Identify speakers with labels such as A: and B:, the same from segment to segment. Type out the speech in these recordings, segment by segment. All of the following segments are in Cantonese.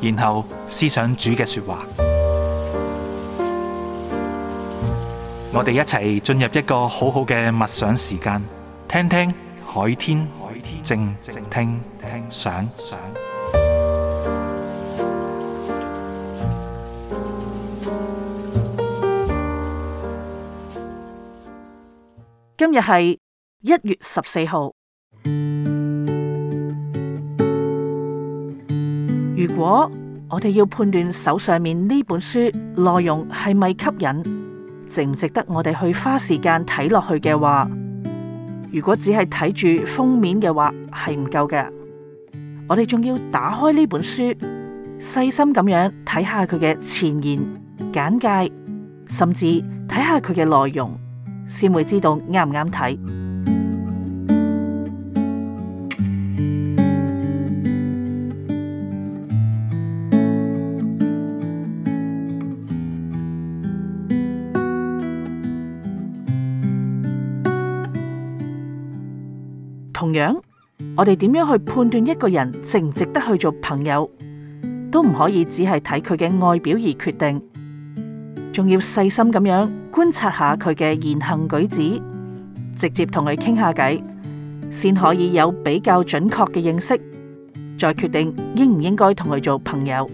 A: 然後思想主嘅說話，嗯，我哋一齊進入一個好好嘅默想時間，聽聽海天靜聽、聽想。
B: 今日係一月十四號。如果我哋要判斷手上面呢本書內容係咪吸引，值唔值得我哋去花時間睇落去嘅話，如果只係睇住封面嘅話係唔夠嘅，我哋仲要打開呢本書，細心咁樣睇下佢嘅前言簡介，甚至睇下佢嘅內容，先會知道啱唔啱睇。同樣，我哋點樣去判斷一個人值唔值得去做朋友，都唔可以只係睇佢嘅外表而決定，仲要細心咁樣觀察下佢嘅言行舉止，直接同佢傾下偈，先可以有比較準確嘅認識，再決定應唔應該同佢做朋友。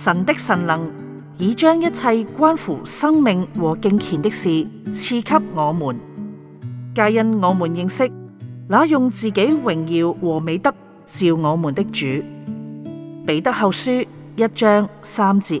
B: 神的神能已將一切關乎生命和敬虔的事賜給我們，皆因我們認識那用自己榮耀和美德召我們的主。彼得後書一章三節。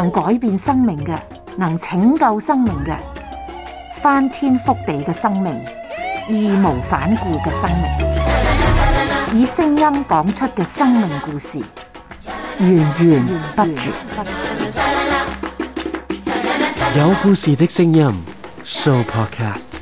B: 能改變生命嘅，能拯救生命嘅，翻天覆地嘅生命，義無反顧嘅生命，以聲音講出嘅生命故事，
A: 源源不絕。有故事的聲音，Show Podcast。